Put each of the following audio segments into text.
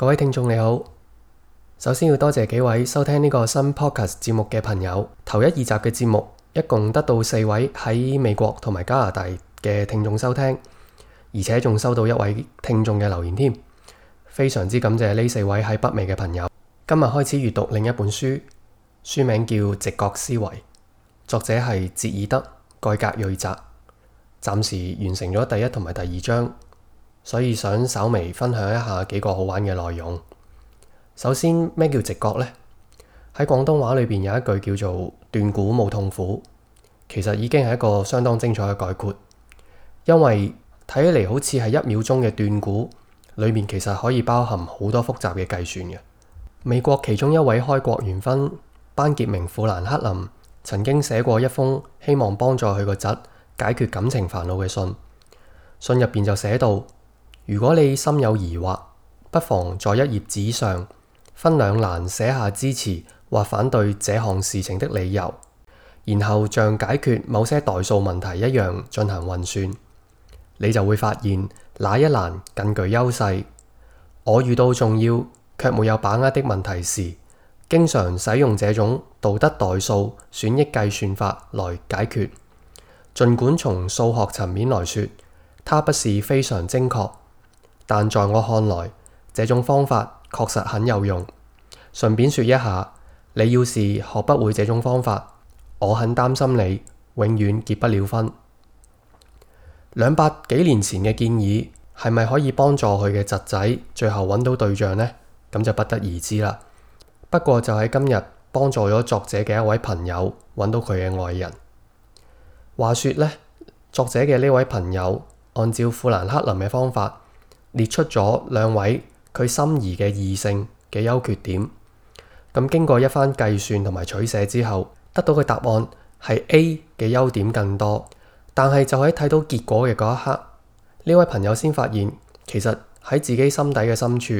各位聽眾你好，首先要多謝幾位收聽呢個新 Podcast 節目嘅朋友，頭一二集嘅節目一共得到四位喺美國同埋加拿大嘅聽眾收聽，而且仲收到一位聽眾嘅留言添，非常之感謝呢四位喺北美嘅朋友。今日開始閱讀另一本書，書名叫《直覺思維》，作者係哲爾德蓋格瑞澤，暫時完成咗第一同埋第二章。所以想稍微分享一下幾個好玩嘅內容。首先，咩叫直覺咧？喺廣東話裏邊有一句叫做「斷估冇痛苦」，其實已經係一個相當精彩嘅概括。因為睇起嚟好似係一秒鐘嘅斷估，裏面其實可以包含好多複雜嘅計算嘅。美國其中一位開國元勳班傑明富蘭克林曾經寫過一封希望幫助佢個侄解決感情煩惱嘅信，信入邊就寫到。如果你心有疑惑，不妨在一頁紙上分兩欄寫下支持或反對這項事情的理由，然後像解決某些代數問題一樣進行運算，你就會發現哪一欄更具優勢。我遇到重要卻沒有把握的問題時，經常使用這種道德代數損益計算法來解決，儘管從數學層面來說，它不是非常精確。但在我看來，這種方法確實很有用。順便說一下，你要是學不會這種方法，我很擔心你永遠結不了婚。兩百幾年前嘅建議係咪可以幫助佢嘅侄仔最後揾到對象呢？咁就不得而知啦。不過就喺今日，幫助咗作者嘅一位朋友揾到佢嘅愛人。話說呢，作者嘅呢位朋友按照富蘭克林嘅方法。列出咗兩位佢心儀嘅異性嘅優缺點，咁經過一番計算同埋取捨之後，得到嘅答案係 A 嘅優點更多，但係就喺睇到結果嘅嗰一刻，呢位朋友先發現，其實喺自己心底嘅深處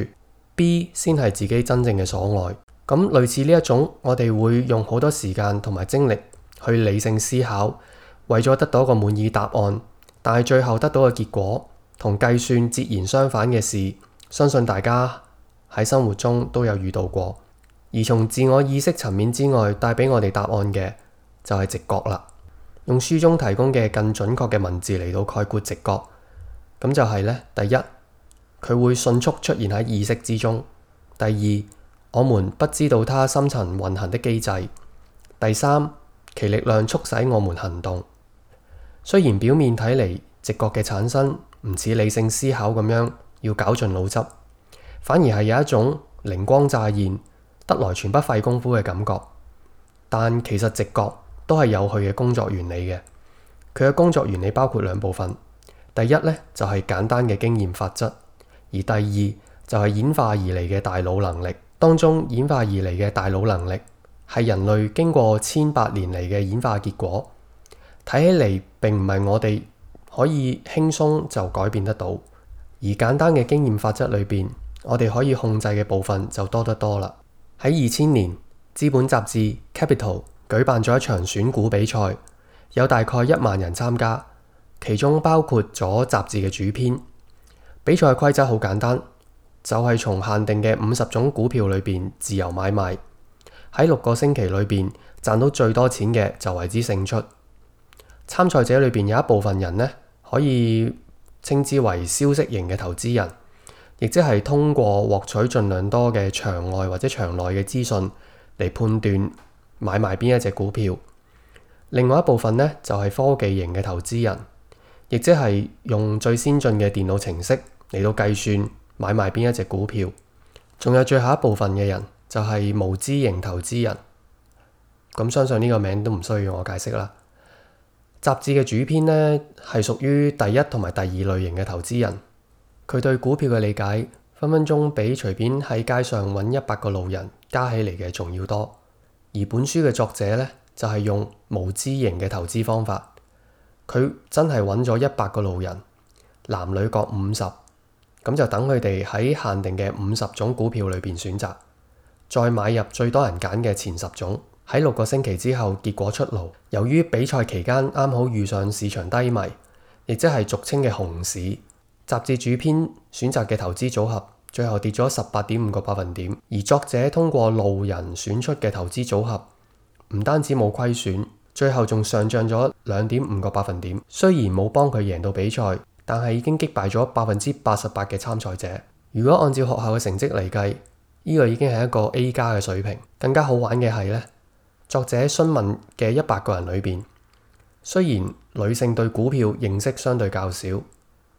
，B 先係自己真正嘅所愛。咁類似呢一種，我哋會用好多時間同埋精力去理性思考，為咗得到一個滿意答案，但係最後得到嘅結果。同計算截然相反嘅事，相信大家喺生活中都有遇到過。而從自我意識層面之外帶俾我哋答案嘅就係直覺啦。用書中提供嘅更準確嘅文字嚟到概括直覺，咁就係呢：第一，佢會迅速出現喺意識之中；第二，我們不知道它深層運行的機制；第三，其力量促使我們行動。雖然表面睇嚟，直覺嘅產生。唔似理性思考咁樣要絞盡腦汁，反而係有一種靈光乍現，得來全不費功夫嘅感覺。但其實直覺都係有佢嘅工作原理嘅。佢嘅工作原理包括兩部分。第一咧就係、是、簡單嘅經驗法則，而第二就係演化而嚟嘅大腦能力。當中演化而嚟嘅大腦能力係人類經過千百年嚟嘅演化結果，睇起嚟並唔係我哋可以輕鬆就改變得到，而簡單嘅經驗法則裏邊，我哋可以控制嘅部分就多得多啦。喺二千年，資本雜誌 Capital 舉辦咗一場選股比賽，有大概一萬人參加，其中包括咗雜誌嘅主編。比賽規則好簡單，就係從限定嘅五十種股票裏邊自由買賣，喺六個星期裏邊賺到最多錢嘅就為之勝出。參賽者裏邊有一部分人呢，可以稱之為消息型嘅投資人，亦即係通過獲取盡量多嘅場外或者場內嘅資訊嚟判斷買賣邊一隻股票。另外一部分呢，就係、是、科技型嘅投資人，亦即係用最先進嘅電腦程式嚟到計算買賣邊一隻股票。仲有最後一部分嘅人就係、是、無知型投資人。咁相信呢個名都唔需要我解釋啦。雜誌嘅主編呢，係屬於第一同埋第二類型嘅投資人，佢對股票嘅理解分分鐘比隨便喺街上揾一百個路人加起嚟嘅仲要多。而本書嘅作者呢，就係用無知型嘅投資方法，佢真係揾咗一百個路人，男女各五十，咁就等佢哋喺限定嘅五十種股票裏邊選擇，再買入最多人揀嘅前十種。喺六個星期之後，結果出爐。由於比賽期間啱好遇上市場低迷，亦即係俗稱嘅熊市，雜誌主編選擇嘅投資組合最後跌咗十八點五個百分點。而作者通過路人選出嘅投資組合，唔單止冇虧損，最後仲上漲咗兩點五個百分點。雖然冇幫佢贏到比賽，但係已經擊敗咗百分之八十八嘅參賽者。如果按照學校嘅成績嚟計，呢個已經係一個 A 加嘅水平。更加好玩嘅係呢。作者詢問嘅一百個人裏邊，雖然女性對股票認識相對較少，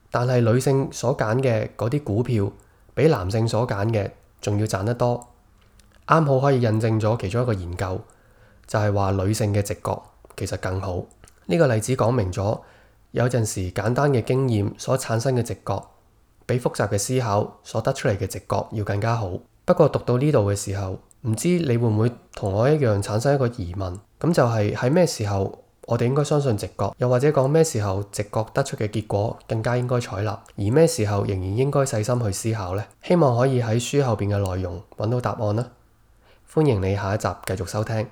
但係女性所揀嘅嗰啲股票比男性所揀嘅仲要賺得多，啱好可以印證咗其中一個研究，就係話女性嘅直覺其實更好。呢個例子講明咗，有陣時簡單嘅經驗所產生嘅直覺，比複雜嘅思考所得出嚟嘅直覺要更加好。不過讀到呢度嘅時候，唔知你會唔會同我一樣產生一個疑問，咁就係喺咩時候我哋應該相信直覺，又或者講咩時候直覺得出嘅結果更加應該採納，而咩時候仍然應該細心去思考呢？希望可以喺書後邊嘅內容揾到答案啦！歡迎你下一集繼續收聽。